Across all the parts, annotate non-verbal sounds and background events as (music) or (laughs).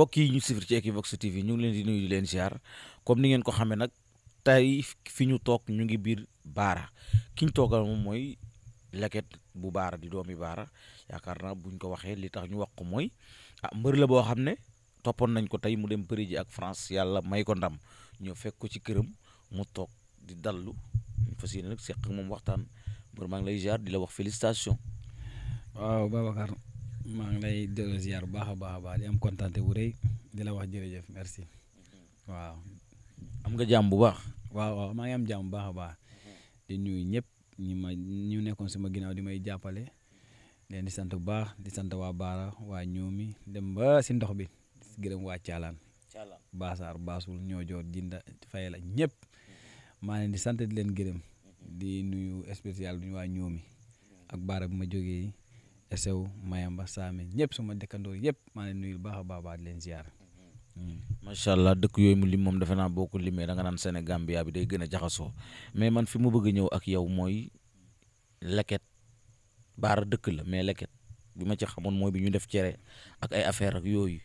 bokk yi ñu suivre ci Equivox TV ñu ngi leen di nuyu di leen ziar comme ni ngeen ko xamee nag tey fi ñu toog ñu ngi biir baara ki ñu toogal moom mooy leket bu baara di doomi baara yaakaar naa buñ ko waxee li tax ñu wax ko mooy ah mbër la boo xam ne toppoon nañ ko tey mu dem bëri ji ak France yàlla may ko ndam ñëw fekk ko ci këram mu toog di dallu fas yéene nag seq moom waxtaan mbër maa ngi lay ziar di la wax félicitation waaw Babacar maa ngi lay delloo bu baax a baax a baax di am kontaan bu rëy di la wax jërëjëf merci waaw. am nga jàmm bu baax. waaw waaw maa ngi am jàmm bu baax a baax di nuyu ñëpp ñi ma ñu nekkoon sama ginnaaw di may jàppale leen di sant bu baax di sant waa Baara waa ñoomi dem ba si ndox bi gërëm waa Caalaan. Caalaan Baasaar Baasul ñoo joor jinda la ñëpp maa leen di sant di leen gërëm mhm. di nuyu spécial bi waa ñoomi ak Baara bi ma jógee. esew Mayamba Saame ñëpp suma dëkkandoo yëpp maa leen nuyu baax a baax leen ziar. Mm-hmm. macha allah dëkk yooyu mu lim moom defe naa boo ko limee danga naan Sénégambia bi bi day gën a jaxasoo mais man fi mu bëgg ñëw ak yow mooy leket baara dëkk la mais leket bi ma ci xamoon mooy bi ñu def cere ak ay affaire ak yooyu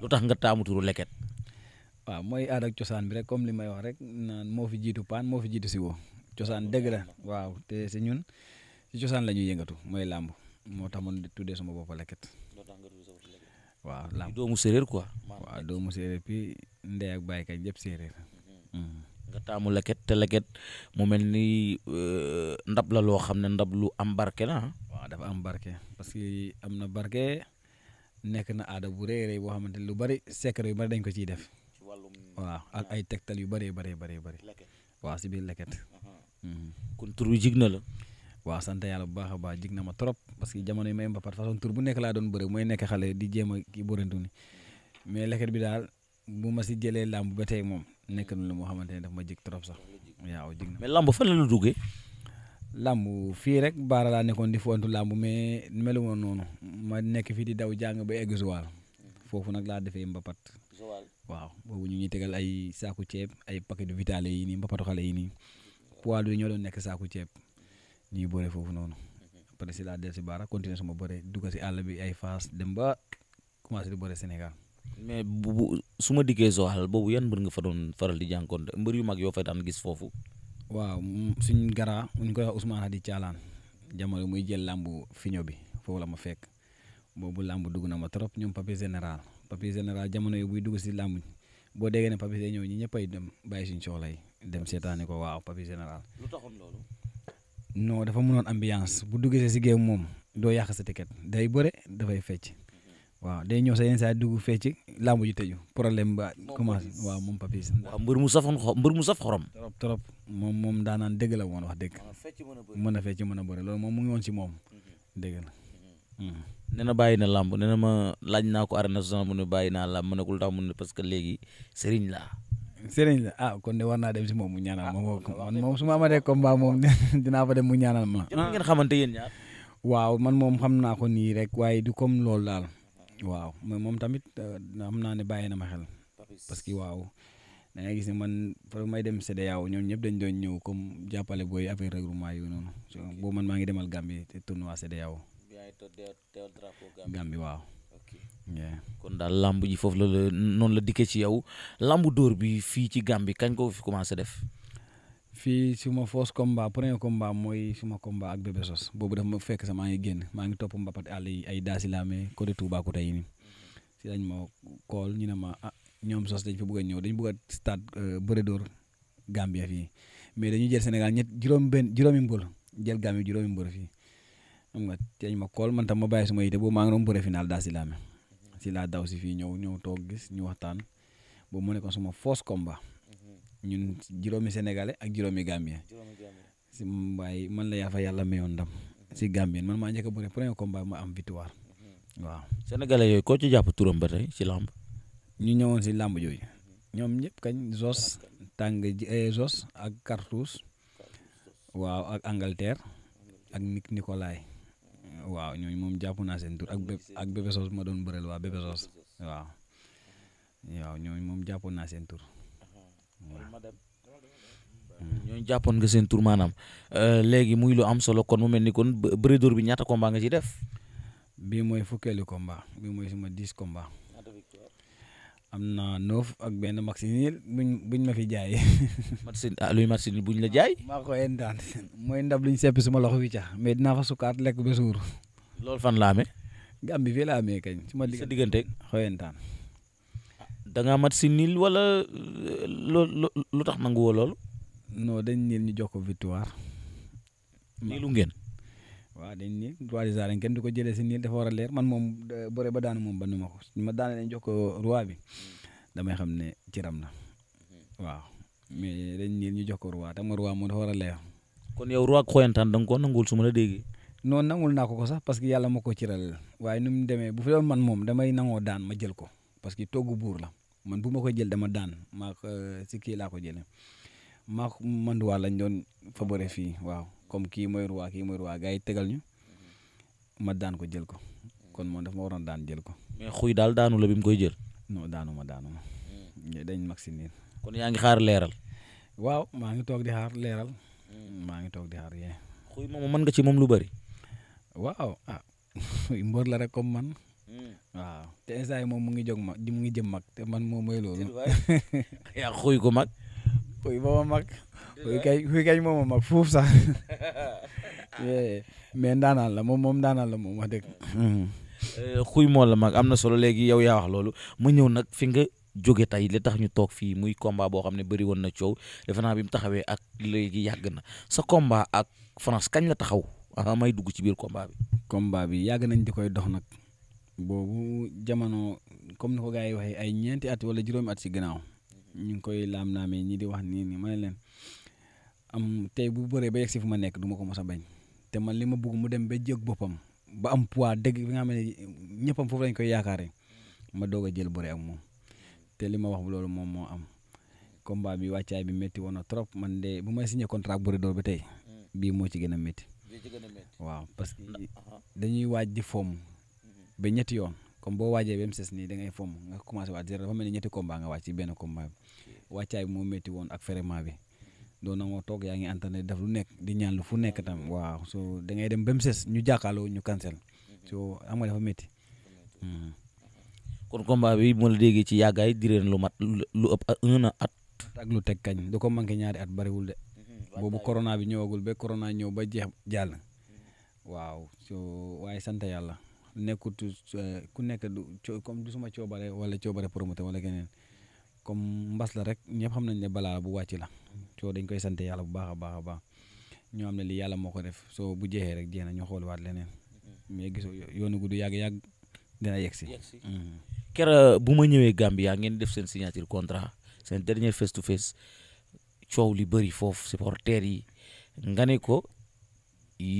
lu tax nga taamu leket. waaw mooy aada cosaan bi rek comme li may wax rek naan moo fi jiitu paan moo fi jiitu si woo cosaan dëgg la waaw te si ñun si la ñuy yëngatu mooy làmb. moo tax man di tuddee sama bopp Leket. waaw lamb doomu séeréer quoi. waaw doomu séeréer puis ndey ak baay kay jëpp séeréer. Mm-hmm. nga taamu Leket te Leket mu mel ni euh, ndab la loo xam ne ndab lu am barke la ah. dafa am barke parce que am na barke nekk na aada bu rëy rëy boo xamante ne lu bari secret yu bari dañ ko ciy def. waaw ak ay tegtal yu bëree bëree bari bëri. waaw si biir Leket. Uh-huh. Mm-hmm. kon tur na la. waaw sant yàlla bu baax a baax jig na ma trop parce que jamono yi may mbapat façon tur bu nekk laa doon bëre mooy nekk xale di jéem a ki bërantu ni mais leket bi daal bu ma si jëlee làmb ba tey moom nekk na lu moo xamante ne daf ma jig trop sax waaw jig na mais làmb fan la làmb fii rek baara laa nekkoon di fontu làmb mais melu woon noonu ma nekk fii di daw jàng ba egg Joal foofu nag laa defee mbappat waaw boobu ñu ngi tegal ay saaku ceeb ay paquet de vitale yi nii mbapatu xale yi nii poids yi ñoo doon nekk saaku ceeb ñuy bëre foofu noonu. Mhm. après si laa del si baara continuer sama bëre dugg si àll bi ay fas dem ba commencé di bëre Sénégal. mais bu bu su ma dikkee Joal boobu yan bu nga fa doon faral di jànkoonte mbër yu mag yoo fay daan gis foofu. waaw suñ garaa muñ koy wax a di caalaan jamono muy jël làmbu fiño bi foofu la ma fekk boobu làmb dugg na ma trop ñoom papier général papier général jamono yi buy dugg si làmb boo déggee ne papier ñëw ñ ñëpp ay dem bàyyi suñ soxla yi dem seetaani ko waaw papier général. non dafa mënoon ambiance bu duggee si géew moom doo yàq sa ticket day bëre dafay fecc waaw day ñëw sa yenn saa dugg fecc làmb ji tëju problème ba commencé waaw moom Papis waaw mbër mu safoon mbër mu saf xorom trop trop moom moom daanaan dëgg la woon wax dëgg ah, mën a fecc mën a bëre loolu moom mu ngi woon si moom mhm. dëgg la mhm. Mhm. nee na bàyyi na làmb nee na ma laaj naa ko arène nationale mu ne bàyyi naa làmb mu ne ko lu tax mu ne parce que léegi sëriñ laa sëriñ la ah kon de war naa dem si moom mu ñaanal ma ah, man moom su ma amatee combat moom (laughs) dinaa fa dem mu ñaanal ma. ah xamante yéen ñaar. waaw man moom xam naa ko nii rek waaye du comme loolu laal waaw moom tamit euh, xam naa ne bàyyi na ma xel. parce que waaw da ngay gis ne man fa may dem yaw ñoom ñëpp dañ doon ñëw comme jàppale booy affaire règlement yi noonu boobu man maa ngi demal Gambie te tournoi CEDEAO. Gambie waaw. kon daal làmb ji foofu la la noonu la dikke ci yow làmb dóor bi fii ci Gambie kañ ko fi commencé def. fii suma first combat premier combat mooy suma combat ak Bébé Sos boobu dafa ma fekk sax maa ngi génn maa ngi topp mbapat àll yi ay daasi laame côté Toubacouta yi nii dañ ma kool ñu ne ma ah, ñoom Sos dañ fi bëgg ñëw dañu bëgg a stade euh, bëre dóor Gambia fii mais dañu jël Sénégal ñett juróom-benn juróomi mbër jël Gambie juróomi mbër fii xam nga si dañ ma kool man tam ma bàyyi suma yite boobu maa ngi doon bëre final daasi laame. ci laa daw si fii ñëw ñëw toog gis ñu waxtaan boobu mu nekkoon suma force combat mm-hmm. ñun juróomi sénégalais ak juróomi gambien si mbaay man la yaa yàlla mayoon ndam mm-hmm. si gambien man maa njëkk bu bëre premier combat ma am victoire mm-hmm. waaw. sénégalais yooyu ko ci jàpp turam ba tey si làmb ñu ñëwoon si làmb jooju ñoom ñëpp kañ Zos tàng ji eh, ak Cartouche waaw ak Angleterre ak Nick waaw ñooñu moom jàpp naa seen ak bé ak Bébé ma doon bëreel waa Bébé Sos waaw waaw ñooñu moom jàppoon naa seen tur uh-huh. hmm. ñooñu jàppoon nga seen tur maanaam euh, léegi muy lu am solo kon mu mel ni kon bëri dóor bi ñaata combat nga ci def. bii mooy fukkeelu combat bii mooy suma dix combat am na noof ak benn match nul buñ buñ ma fi jaay. (laughs) match ah, luy match nul buñ la jaay. (laughs) maa ko yéen daan mooy ndab luñ seppi suma loxo wi ca mais dinaa fa sukkaat lekk ba suur. loolu fan la amee. Gàmbi fii la kañ. su diggante xoyantaan. da ngaa mat si nil wala lu tax nangu woo loolu. non dañ nil ñu jox ko victoire. nilu ngeen. waaw dañ ni roi des arènes du ko jëlee si nii dafa war a leer man moom bëre ba daan moom ba nu ma ko ma daane leen ko roi bi mm. damay xam ne ciram la mm-hmm. waaw mais dañ nii ñu jox ko roi tam nga roi moom dafa war a leer. kon yow roi xoyantaan da nga la déggee. non nangul naa ko ko sax parce que yàlla ma ko ci ral waaye nu mu demee bu fi doon man moom damay nangoo daan ma jël ko parce que togg buur la man bu ma ko jël dama daan maa euh, si kii laa ko jëlee maa ko waa lañ doon fa bëre fii waaw. comme kii mooy roi kii mooy roi gars yi tegal ñu ma daan ko jël ko kon moom dafa ma waroon daan jël ko. mais xuy daal daanu la bi mu koy jël. noo daanu ma daanu ma. Hmm. dañ mag si nii. kon yaa ngi xaar leeral. waaw maa ngi toog di xaar leeral. maa ngi toog di xaar yee. xuy moom man nga ci moom lu bari. waaw a ah, xuy (laughs) mbër la rek comme man. Hmm. waaw te yi moom mu ngi jóg mag mu ngi jëm mag te man moom mooy (laughs) mag. xuy kay xuy kay moom a mag fuuf sax mais ndaanaan la moom moom ndaanaan la moom wax dëgg xuy moo la mag am na solo léegi yow yaa wax loolu ma ñëw nag fi nga jóge tey li tax ñu toog fii muy combat boo xam ne bari woon na coow defe naa bi mu taxawee ak léegi yàgg na sa combat ak France kañ la taxaw may dugg ci biir combat bi combat bi yàgg nañ di koy dox nag boobu jamono comme ni ko gars yi waxee ay ñeenti at wala juróomi at si gannaaw ñu ngi koy laam-laamee ñi di wax nii nii ma ne leen am tey bu bëree ba yegg si fu ma nekk duma ko mos a bañ te man li ma bugg mu dem ba jég boppam ba am poids dëgg bi nga xam ne ñëppam foofu lañ koy yaakaare ma doog a jël bëre ak moom te li ma wax loolu moom moo am combat bi wàccaay bi métti woon na trop man de bu may signé contrat bëri door ba tey mm. bii moo ci gën a métti waaw parce que dañuy waaj di fomm mm-hmm. ba ñetti yoon comme boo waajee ba mu ses nii da ngay fomm nga commencé waaj zéro dafa mel ni ñetti combat nga wàcc ci benn combat bi wàccaay bi moo métti woon ak vraiment bi doo na moo toog yaa ngi entraîné def lu nekk di ñaan lu fu nekk tam waaw so da ngay dem ba mu ses ñu jàkkaarloo ñu cancel so am nga dafa métti. Hmm. kon combat bi ci yàggaay di leen lu mat lu ëpp un teg kañ du ko manqué ñaari at bariwul de. Mm-hmm. bi ñëwagul ba corona ñëw ba jeex jàll. waaw so waaye sant yàlla nekkut eh, ku nekk du comme du suma coobare wala coobare promoteur wala keneen. comme mbas la rek ñëpp xam nañ ne balaa bu wàcc la soo dañ koy sant yàlla bu baax a baax a baax ñoo xam ne lii yàlla moo ko def soo bu jeexee rek jeex na ñu xool waat leneen mm-hmm. mais gisoo yoonu gudd yàgg yàgg dina yegg si. Mm-hmm. kera bu ma ñëwee yaa ngeen def seen signature contrat seen dernier face to face coow li bëri foofu supporters yi nga ne ko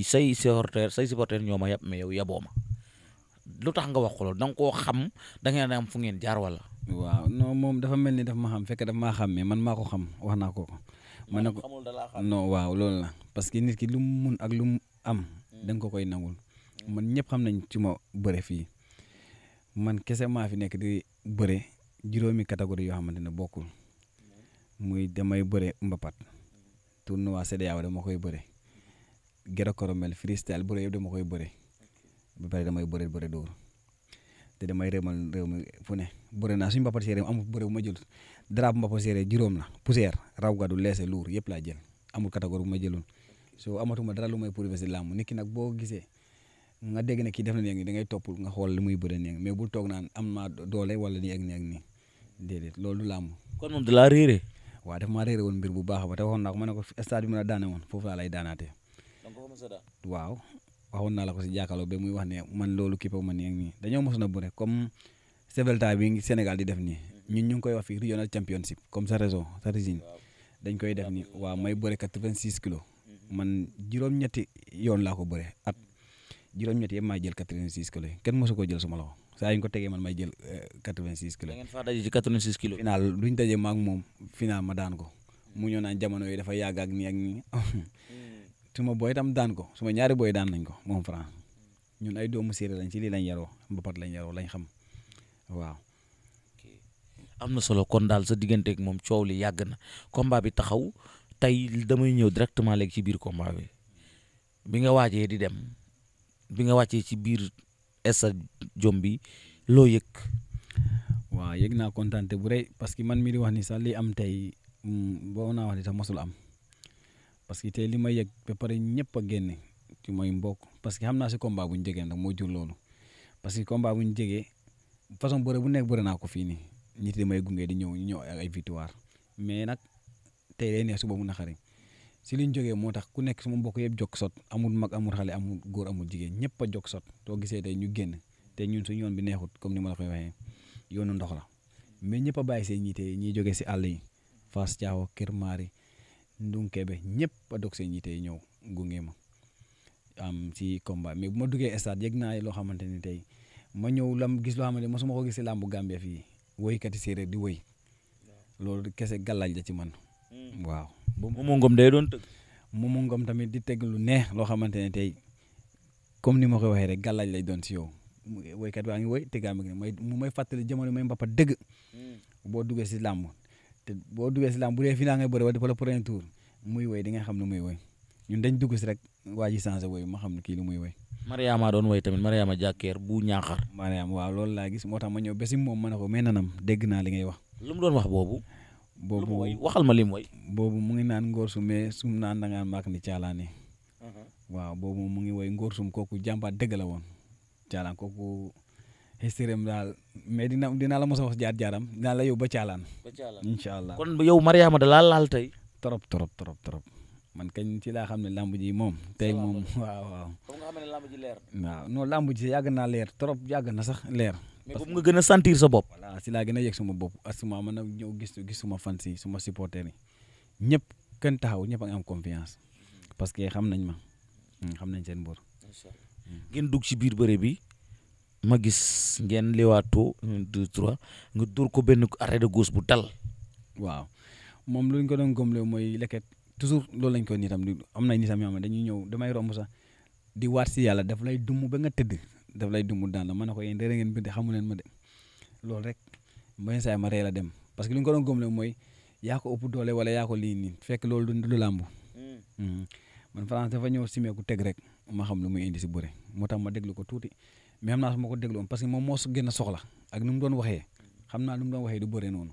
say supporters say supporters ñoo ma yab ma yow yaboo ma lu tax nga wax ko loolu da koo xam da ngeen am fu ngeen jaar walla waaw non moom dafa mel ni dafa ma xam fekk dafa maa xam mais man maa ko xam wax naa ko ko. ma ne ko non waaw loolu la parce que nit ki lu mu mun ak lu mu am. Mm. da ko koy nangul. Mm. man ñëpp xam nañ ci ma bëre fii man kese maa fi nekk di bëre juróomi catégorie yoo xamante ne bokkul mm. muy damay bëre mbapat tournoi CEDEAO dama koy bëre gero koromel freestyle bëre yëpp dama koy bëre. ba pare damay bëre bëre dóor te damay réemal réew mi fu ne bëre naa suñu mbapat séeréer amul bëre bu ma jël drapeau mbapat séeréer juróom la poussière raw gàddu leese luur yëpp laa jël amul catégorie bu ma jëlul so amatuma dara lu may prouver si làmb nit ki nag boo gisee nga dégg ne kii def na nii da ngay topp nga xool li muy bëre nii mais bul toog naan am naa doole wala nii ak nii ak nii déedéet loolu làmb. kon moom da laa réeré. waaw daf maa réeré woon mbir bu baax ba te waxoon naa ko ma ne ko stade bi ma la daane woon foofu laa lay daanaatee. waaw waxoon naa la ko si jàkkaarloo ba muy wax ne man loolu kii boobu ma nii ak nii dañoo mos na comme Svelta bi Sénégal di def nii ñun ñu ngi koy wax fii regional championship comme sa réseau sa régime dañ koy def nii waaw may bëre 86 kilos man juróom-ñetti yoon laa ko bëre at juróom-ñetti yëpp maa jël 86 kilos yi kenn mosu ko jël suma loxo saa ñu ko tegee man may jël 86 euh, kilos. da ngeen faa daje ma ak moom final ma daan ko mu ñëw naan jamono yi dafa yàgg ak nii ak nii (laughs) suma booy itam daan ko suma ñaari booy daan nañ ko moom Franc ñoom ay doomu séeréer lañ ci lii lañ yaroo mbapat lañ yaroo lañ xam waaw. am na solo kon daal sa digganteeg moom coow li yàgg na combat bi taxaw tey damay ñëw directement léegi ci biir combat bi bi nga waajee di dem bi nga wàccee ci biir stade jom loo yëg. waaw yëg naa kontaan bu rëy parce que man mi di wax ni sax li am tey mm, boo naa wax ni sax mosul am. parce que tey li ma yëg ba pare ñëpp a génn ci mooy mbokk parce que xam naa si combat bu ñu nag moo jur loolu parce que combat bu ñu jegee façon bëre bu nekk bëre naa ko fii nii nit yi may gunge di ñëw ñëw ak ay victoire mais nag tey day neex suba mu naqari si liñ jógee moo tax ku nekk suma mbokk yëpp jog sot amul mag amul xale amul góor amul jigéen ñëpp jokk sot too gisee tey ñu génn te ñun suñu yoon bi neexut comme ni ma la koy waxee yoonu ndox la mais ñëpp a bàyyi see ñi tey ñiy jógee si àll yi Fass Thiaw Kër Maari Ndunkébe ñëpp a dog seen yite ñëw gunge ma am si combat mais bu ma duggee stade yëg naa loo xamante ni tey ma ñëw lam gis loo xamante ni mosuma ko gis si làmbu Gambie fii woykati séeréer di woy loolu kese gàllaaj la ci man mm. waaw. Momo Ngom day doon tëgg. tamit di teg lu neex loo xamante ne tey comme ni ma ko waxee rek gàllaaj lay doon si yow. woykat baa ngi woy tëggaa mi ngi may mu may fàttali jamono may mbappa dëgg mm. boo duggee si làmb te boo duggee si làmb bu dee final ngay bëre wala muy woy di nga xam ne muy woy ñun dañ dugg si rek waa sangé changé woy ma xam ne kii lu muy woy Mariama doon woy tamit Mariama Jàkkeer bu ñaaxar Mariama waaw loolu laa gis moo tax ma ñëw bési moom ma ne ko mais nanam dégg naa li ngay wax lu mu doon wax boobu boobu waxal ma lim woy boobu mu ngi naan ngóor sum mais sum naan dangaan maak ni caalaane uh-huh. waaw boobu mu ngi woy ngóor sum kooku jàmbaar dëgg la woon caalaan kooku histirim daal mais dina dinaa la mos a wax jaar-jaaram dinaa la yow ba caalaan. ba allah kon yow Mariama da laa laal tey. trop trop trop trop man kañ ci laa xam ne lamb ji moom. tey moom waaw waaw. comme nga xam ne lamb ji leer. waaw non lamb ji yàgg naa leer trop yàgg na sax leer. mais boobu nga gën a sentir sa bopp. voilà si laa gën a yëg suma bopp asuma man nag ñëw gis gis suma fan si suma supporter yi ñëpp kenn taxaw ñëpp a am confiance parce que xam nañ ma hmm, xam nañ seen mbër. ngeen dugg si biir bëre bi. ma gis ngeen liwaatoo un trois nga dóor ko benn arrêt de gauche bu dal. waaw moom lu ñu ko doon gëmloo mooy leket toujours loolu lañ ko nii tam am na ñi tam yoo xam ne dañuy ñëw damay romb sax di waat si yàlla daf lay dumm ba nga tëdd daf lay dumm daan la ma ne ko yéen dëgg ngeen bind xamu leen ma de loolu rek mbéy saay ma ree la dem parce que lu ñu ko doon gëmloo mooy yaa ko ëpp doole wala yaa ko lii nii fekk loolu du du làmb. Hmm. Hmm. man France dafa ñëw simeeku teg rek ma xam lu muy indi si bëre moo tax ma déglu ko tuuti mais xam naa su ma ko dégloon parce que moom moo gën a soxla ak nu doon waxee xam naa nu mu doon waxee du bëre noonu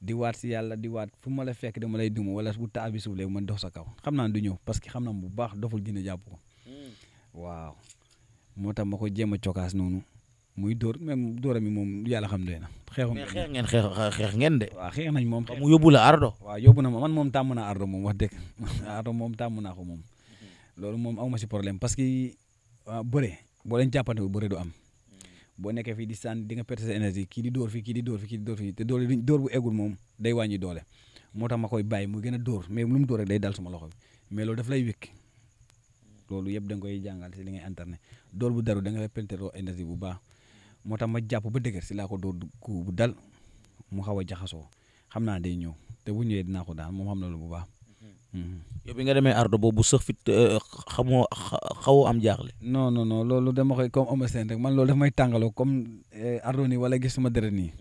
di waat si yàlla di waat fu ma la fekk dama lay duma wala bu taal bi suuf lee man dox sa kaw xam naa du ñëw parce que xam naa bu baax doful dina jàpp ko hmm. waaw moo tax ma ko jéem a cokaas noonu muy dóor même dóora mi moom yàlla xam doy na. xeexu mais xeex ngeen xeex xeex ngeen de. waaw nañ moom. mu yóbbu la ardo. waaw yóbbu na ma man moom tàmm naa ardo moom wax dëgg (laughs) ardo moom tàmm naa ko moom hmm. loolu moom aw ma si problème parce que bëre boo leen jàppante bu bëri du am boo nekkee fii di sànni di nga perte sa kii di door fi kii di dóor fi kii di dóor fii te doole duñ dóor bu eggul moom day wàññi doole moo tax ma koy bàyyi mu gën a door mais lu mu day dal suma loxo bi mais daf lay wékk loolu yëpp da nga koy jàngal li ngay internet dóor bu daru da nga penteroo énergie bu baax moo tax ma jàpp ba dëgër si laa ko dóor ku bu dal mu xaw a jaxasoo xam naa day ñëw te bu ñëwee dinaa ko daan moom xam na lu bu baax yow bi nga demee ardo boobu sax fit euh, xamoo xaw am jaaxle. non non non loolu dama koy comme Eumeu Sène rek man loolu daf may tàngaloo comme euh, ardo nii wala gis suma deret nii.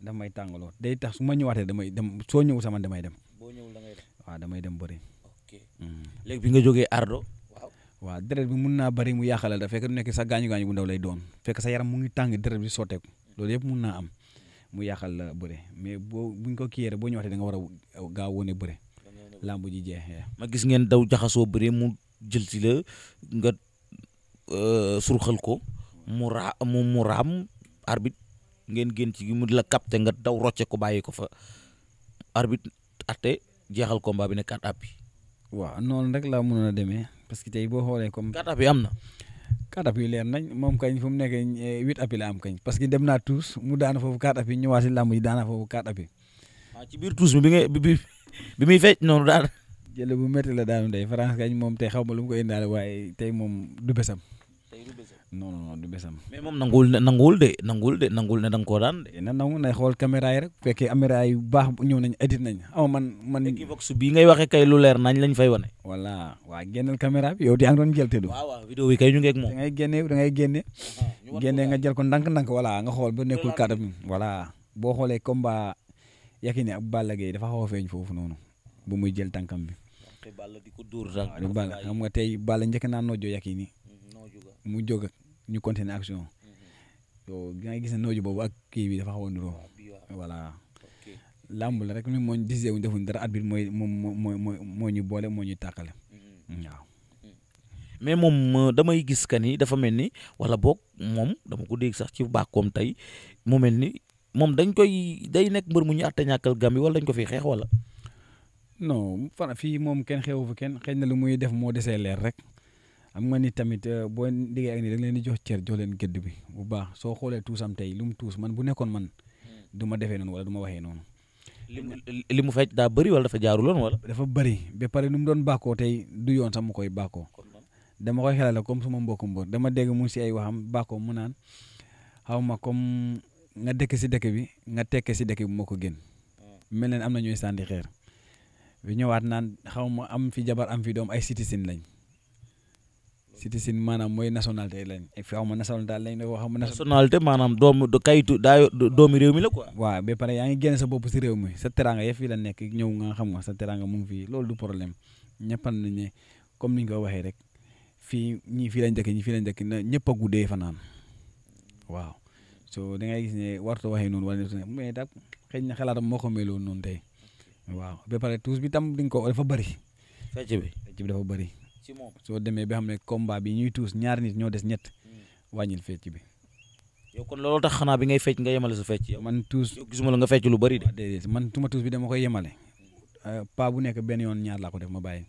daf may tàngaloo day tax su ma ñëwaatee damay dem soo ñëwul sama damay dem. boo ñëwul da ngay dem waaw damay dem bëri. ok mm. bi nga jógee ardo. waaw deret bi mun naa bari mu yàqale da fekk du nekk sa gaañu gaañu bu ndaw lay doon fekk sa yaram mu ngi tàng deret bi sotteeku loolu yëpp mun naa am mu yàqal la bëre mais boo bu buñ ko kiyeere boo ñëwaatee danga war a gaaw woone bëre làmb ji jeexee. ma gis ngeen daw jaxasoo bëree mu jël si la nga euh, surxal ko mu ra mu mu raam arbitre ngeen génn ci mu la capté nga daw rocce ko bàyyi ko fa arbitre atte jeexal combat bi ne quatre waaw noonu rek laa mënoon a demee parce que tey boo xoolee comme. quatre appuis am na. quatre appuis leer nañ moom kañ fu mu nekk huit la am kañ parce que dem naa tous mu daana foofu quatre appuis ñëwaat si daana foofu quatre appuis waaw ci biir tuus bi bi nga bi bi (laughs) muy fecc noonu daal. jële bu métti la daanu day France gañ moom tey xaw ma lu mu ko indaale waaye tey moom du besam. tey du besam du besam. mais moom nanguwul ne nanguwul nanguwul de nanguwul ne da nga koo daan de. Eh, na nangu nay xool caméra yi rek. bu fekkee caméra yu baax ñëw nañ edit nañ aw man man. Equivox bii ngay waxee kay lu leer nañ lañ fay wane. voilà waa génneel caméra bi yow di yaa doon jël te du. waaw waaw vidéo kay ñu ngi moom. da ngay génne da génne. Ah, génne nga jël ko ndànk-ndànk voilà nga xool ba nekkul cadre bi. voilà boo xoolee combat Yékini ak Balla Gaye dafa xaw a feeñ foofu noonu bu muy jël tànkam bi. te Balla di ko dóor tànk Balla xam nga tey Balla njëkk naa noojoo Yékini mm-hmm, mu jóg ñu continuer action. Mm-hmm. yow da ngay gis ne nooju boobu ak kii bi dafa xaw a niroo ah, voilà. làmb rek moom moo ñu disee wuñ defuñ dara bi mooy moom moo moo moo ñu boole moo ñuy tàqale. Mm-hmm. waaw. moom euh, damay gis ka ni dafa mel ni wala boog moom dama ko dégg sax ci bàkkoom tey mu mel ni moom dañ koy day nekk mbër mu ñu àtte ñàkkal Gambie wala dañ ko fi xeex walla non fan fii moom kenn xewu fa kenn xëy na lu muy def moo desee leer rek am nga ni tamit euh, boo liggéey ak ni da leen di jox cër jox leen gëdd bi bu baax soo xoolee tuusam tey lu mu tuus man bu nekkoon man hmm. duma defee noonu wala duma waxee noonu. li mu fecc daa bëri wala dafa jaaruloon wala. dafa bëri ba pare nu mu doon bàkkoo tey du yoon sax mu koy bàkkoo dama koy xelal comme suma mbokku mbër dama dégg mu si ay waxam bàkkoo mu naan xaw ma nga dekk si dëkk bi nga tekke si dëkk bi moo ko génn hmm. mel ne am na ñooy sànni xeer bi ñëwaat naan xaw ma am fi jabar am fi doom ay citizen lañ citizen maanaam mooy nationalité lañ xaw ma nationalité lañ ne xaw ma nationalité maanaam doomu kayitu daa doomu réew mi la ko waaw ba pare yaa ngi génn sa bopp si réew mi sa teranga yëf fii la nekk ñëw nga xam nga sa teranga mu ngi fii loolu du problème ñëppan nañ ne comme niñ ko waxee rek fii ñii fii lañ dëkk ñii fii lañ dëkk ñëpp a guddee fanaan so da ngay gis ne warta waxee noonu wala mais da xëy na xalaatam moo ko meloon noonu tey waaw ba pare tuus bi tam di nga ko dafa bëri. fecc bi fecc bi dafa bëri. ci moom soo demee be xam ne combat bi ñuy tuus ñaar nit ñoo des ñett wàññil fecc bi. yow kon looloo tax xanaa bi ngay fecc nga yemale sa fecc. man tuus gisuma la nga fecc lu bëri de. déedéet man tuus bi dama koy yemale euh, pas bu nekk benn yoon ñaar laa ko def ma bàyyi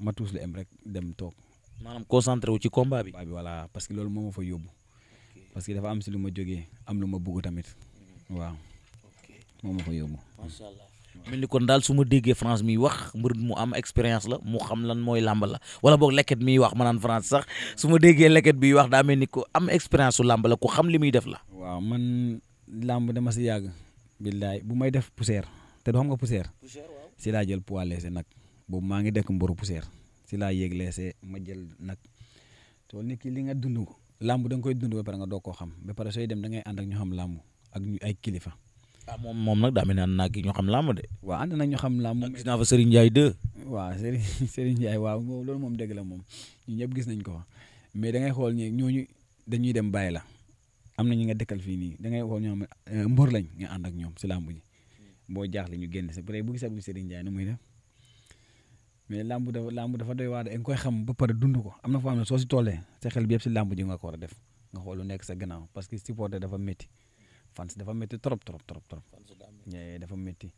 ma tuus lu em rek dem toog. maanaam concentré wu ci combat bi. combat bi voilà parce que loolu moo ma fa yóbbu. parce que dafa am si lu ma jógee am lu ma bugg tamit waaw moom ma fa yóbbu. mel ni kon daal su ma déggee France miy wax mbër mu am expérience la mu xam lan mooy làmb la wala boog lekket miy wax ma naan France sax su ma déggee leket biy wax daa mel ni ko am expérience su làmb la ku xam li muy def la. waaw man làmb dama si yàgg. billaay bu may def poussière te du xam nga poussière. si laa jël poids léger nag boobu maa ngi dekk mboru poussière si laa yéeg léger ma jël nag soo nekk li nga dund ko làmb da nga koy dund ba pare nga doog koo xam ba pare sooy dem da ngay ànd ak ñu xam làmb ak ñu ay kilifa. Ah, moom moom nag daa mel ne ànd naa ki ñu xam làmb de. waa ànd na ñu xam làmb. gis naa fa Serigne Ndiaye 2. waaw Serigne (laughs) waaw loolu moom dëgg la moom ñëpp gis nañ ko fa mais da ngay xool ñi ñu dañuy dem bàyyi la am na ñu nga dëkkal fii nii da ngay xool ñoom euh, mbër lañ nga ànd ak ñoom si làmb ñi boo jaaxle ñu génn sa bu dee bu gisee bu Serigne Ndiaye nu muy def mais làmb dafa làmb dafa doy waar da nga koy xam ba pare dund ko am na foo xam ne soo si tollee sa xel bi yëpp si làmb ji nga ko a def nga xool nekk sa gannaaw parce que supporter dafa métti fans dafa métti trop trop trop trop dafa métti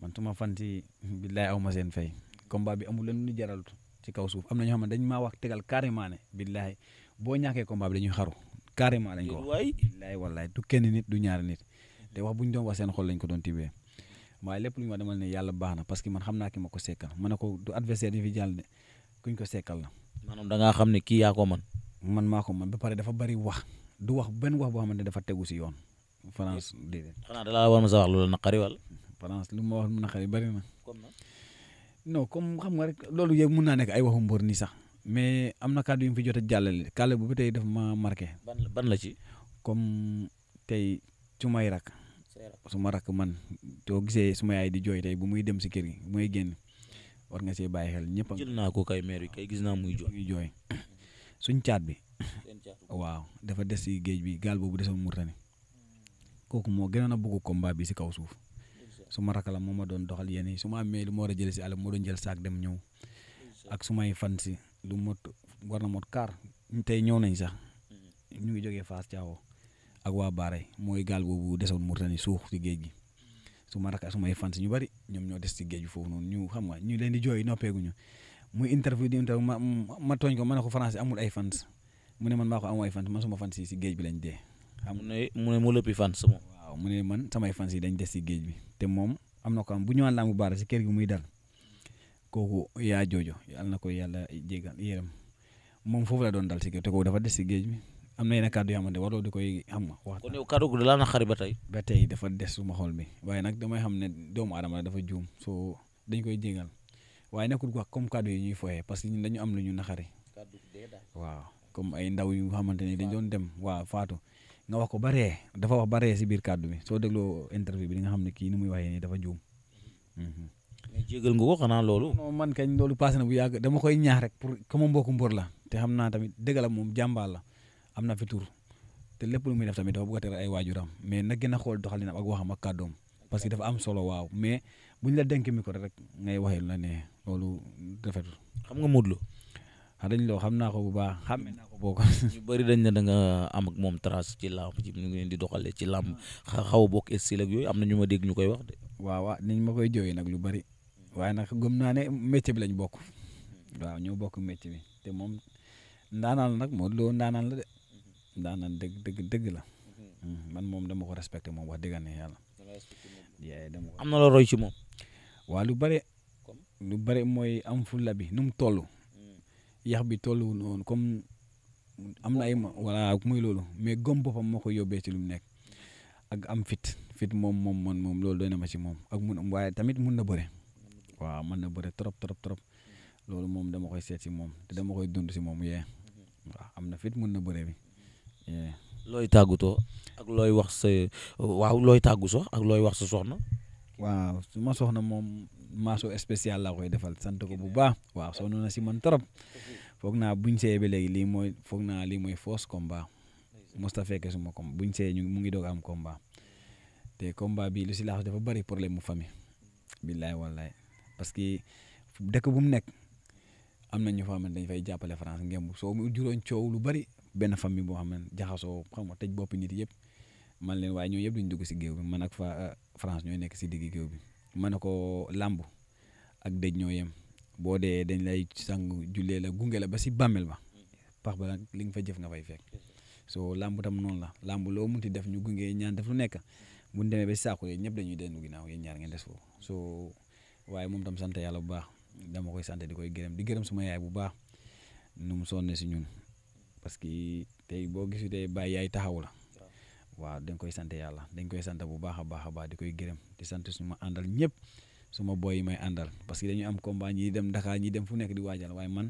man suma fans yi billaay aw ma seen fay combat bi amul leen lu jaral ci kaw suuf am na ñoo xam ne dañ maa wax tegal carrément ne billaay boo ñàkkee combat bi dañuy xaru carrément lañ ko wax billaay wallaay du kenn nit du ñaari nit te wax bu ñu doon wax seen xol lañ ko doon tibbee waaye lépp lu ñu ma demal ne yàlla baax na parce que man xam naa ki ma ko sekkal ma ne ko du adversaire yi fi jàll de kuñ ko sekkal la. maanaam da ngaa xam ne kii yaa man man maa ko man ba pare dafa bari wax du wax benn wax boo xamante ne dafa tegu si yoon. France déedéet. xanaa da laa ma sa wax loolu naqari wala. France lu ma wax naqari bari na. non comme xam nga rek loolu yëpp mun naa nekk ay waxu mbër nii sax mais am na kàddu yu fi jot a jàllale kàlla bu ba tey dafa ma marke ban la ban la ci. comme tey su may rak suma rakk man soo gisee suma yaay di jooy tey bu muy dem si kër gi bu muy génn war nga see bàyyi xel ñëpp naa ko kay maire kay gis naa muy jooy. suñ caat bi. waaw dafa des si géej bi gaal boobu desoon Mourtani kooku moo gënoon a bëgg combat bi si kaw suuf. suma rakk la moo ma doon doxal yéen su ma amee lu ma war a jëlee si àll moo doon jël saak dem ñëw ak su may fan si lu mot war na mot kaar tey ñëw nañ sax mm-hmm. ñu ngi jógee Fass Thiawo ak waa Baaray mooy gaal boobu desoon Mourtani suux si géej gi su ma rakk ak sumay fans ñu bëri ñoom ñoo des si géej bi foofu noonu ñu xam nga ñu leen di jooy noppeeguñu muy interview di interview ma ma tooñ ko ma ne ko français amul ay fans mu ne man maa ko amul ay fans man suma fans yi ci géej bi lañ dee. xam mu ne mu ne mu lëppi fans waaw mu man samay fans yi dañ des si géej bi te moom am na ko am bu ñëwaan laa mu baara si kër gi muy dal kooku yaa joojo yàlla na ko yàlla jéggal yërëm moom foofu la doon dal ci géej te kooku dafa des si géej bi am na yenn kàddu yoo ba tey. ba tey dafa des suma xol bi waaye nag damay xam ne doomu aadama dafa juum soo dañ koy yi ñuy foyee parce que ñun dañu am lu ñu naxari. waaw comme ay ndaw yu xamante ne dañ doon dem waaw faatu nga wax ko baree dafa wax si biir kàddu bi soo dégloo interview bi di nga xam ne kii ni muy waxee nii dafa juum. Mhm. mais jégal nga ko xanaa loolu. non man kañ loolu passé na bu yàgg dama koy ñaax rek pour comme mbokku mbor la te xam naa tamit dëgg la moom jàmbaar la am na fi te lépp lu muy def tamit dafa bëgg a teral ay waajuram mais na gën a xool doxalinam ak waxam ak kàddoom parce que dafa am solo waaw mais bu ñu la denk micro rek ngay waxee lu na ne loolu rafetul. xam nga Modou Lo. Ah, dañ loo xam naa ko bu baax xàmme naa ko boo ko. (laughs) ñu bëri dañ ne da nga am ak moom trace ci làmb ci ñu ngi leen di doxalee ci làmb xaw a bokk yooyu am na ñu ma dégg koy wax de. waaw waaw niñ ma koy jooyee nag lu bari waaye nag gëm naa ne métier bi lañ bokk waaw ñoo bokk métier bi te moom ndaanaan la nag Modou Lo ndaanaan la de. daanaan dëgg dëgg dëgg la. Mhm. Mhm. man moom dama ko respecté moom wax dëgg ne yàlla. am na ci moom. waa lu bare. lu bare mooy am fulla bi nu mu toll. Mhm. yax bi tollu woon comme am na ay ma voilà muy loolu mais gom boppam moo ko yóbbee ci lu mu nekk. ak am fit fit moom moom man moom loolu doy na ma ci moom ak mun waaye tamit mun na bëre. waaw mën na bëre trop trop trop. loolu moom dama koy seet si moom te dama koy dund si moom yee. waaw am na fit mun na bëre bi. Eh. looy tàggatoo ak looy wax sa waaw looy tàggu sax ak looy wax sa soxna. waaw su ma soxna moom maaso spécial la koy defal sant ko bu baax waaw sonn na si man trop foog naa buñ see ba léegi lii mooy foog naa lii mooy fausse combat mosta fekke suma kom buñ see ñu mu ngi doog am combat te combat bi lu si laax dafa bari problème mu famille billaay wallaay parce que dëkk bu mu nekk. am na ñoo fa xam ne dañ fay jàppale France ngemb soo mu juróon coow lu bari benn famille boo xam ne jaxasoo xam nga tëj boppi nit yëpp man leen waaye ñoo yëpp duñ dugg si géew bi man ak fa euh, France ñooy nekk si digg géew bi ma ko làmb ak dëj ñoo yem boo dee dañ lay sang jullee la gunge la ba si bàmmeel ba pax ba li nga fa jëf nga fay fekk so làmb tam noonu la làmb loo munti def ñu gunge ñaan def lu nekk bu demee saako yooyu ñëpp dañuy dellu ginnaaw yéen ñaar ngeen des foofu so waaye moom tam sant yàlla bu baax dama koy sant di koy gërëm di gërëm suma yaay bu baax nu mu sonne si ñun parce que tey boo gisu tey bàyyi yaay taxaw la waaw dañ koy sante yàlla dañ koy sante bu baax a baax a baax di koy gërëm di sant suma àndal ñëpp suma booy yi may àndal parce que dañu am combat ñi dem Dakar ñi dem fu nekk di waajal waaye man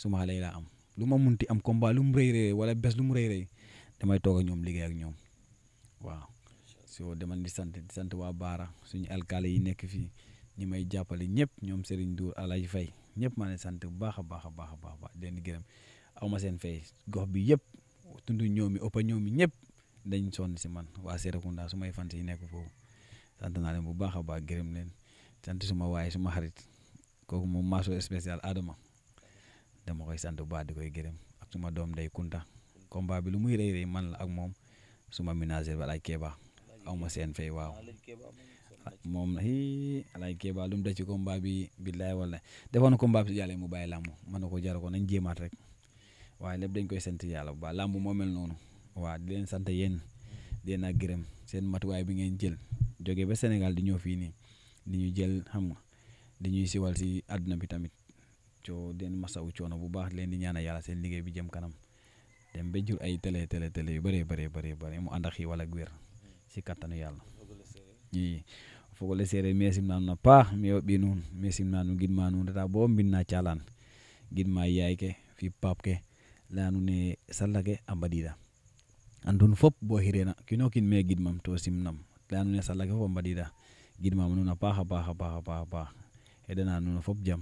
suma xale yi laa am lu ma munti am combat lu mu rëy rëy wala bes lu mu rëy rëy damay toog ñoom liggéey ak ñoom waaw soo demal di sant di sant waa Baara suñu alkaali yi nekk fii ñi may jàppale ñëpp ñoom Serigne Ndour Alaaji Fay ñëpp maa leen sant bu baax a baax a baax a baax leen di gërëm aw ma seen fay gox bi yëpp tund ñoom mi ëppa ñoom mi ñëpp dañ sonn si man waa Serekunda su may fan si nekk foofu sant naa leen bu baax a baax gërëm leen sant suma waaye suma xarit kooku moom maaso spécial Adama dama koy sant bu baax di koy gërëm ak suma doom day Kunta combat bi lu muy rëy rëy man la ak moom suma ménager ba laaj Kéba aw ma seen fay waaw moom hi alaaj Kéba lu mu def ci combat bi billaay wala defoon na combat bi su jàllee mu bàyyi làmb mën a ko jar ko nañ jéemaat rek waaye lépp dañ koy sant yàlla bu baax làmb moo mel noonu waa di leen sant yéen di leen ak gërëm seen matuwaay bi ngeen jël jógee ba Sénégal di ñëw fii nii di ñu jël xam nga di ñuy siwal si àdduna bi tamit coo den masawu coono bu baax leen di ñaanal yàlla seen liggéey bi jëm kanam dem ba jur ay télé télé télé yu bëree bëree bëree bëri mu ànd ak yi wala ak si kattanu yàlla i o fogole sereer mi simna nuun a paax mi yo ɓiy nuun mi simna nuun gidma nuun reta bo mbinna calan gidma yaay ke fi paap ke leya nuun ne salla ke a mbadiida andun fop bo xireena kiino kiin me gidmam to simnam leya nuun ne salla ke fop a mbadiida gidmam nuun a paax a paax a paax a paax xeɗana fop jam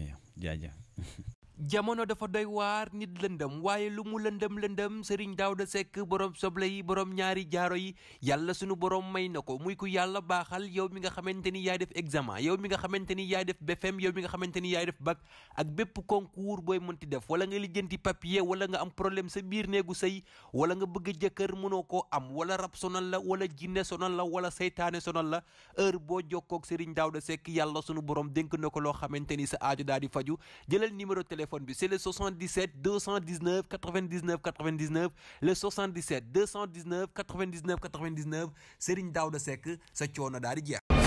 iyo jajam (laughs) jamono dafa doy waar nit lëndëm waaye lu mu lëndëm lëndëm daaw Daouda Seck borom soble yi borom ñaari jaaro yi yàlla sunu borom may na ko muy ku yàlla baaxal yow mi nga xamante ni yaay def examen yow mi nga xamante ni yaay def BFEM yow mi nga xamante ni yaay def bac ak bépp concours booy mënti def wala nga lijjanti papier wala nga am problème sa biir néegu sëy wala nga bëgg jëkkër mënoo koo am wala rab sonal la wala jinne sonal la wala seytaane sonal la heure boo jokkoog Serigne Daouda Seck yàlla sunu borom dénk na ko loo xamante ni sa aajo daal di faju jëlal numéro téléphone téléphone bi c'est le 77 219 99 99 le 77 219 99 99 Serigne Daouda Seck sa coono daal di jeex.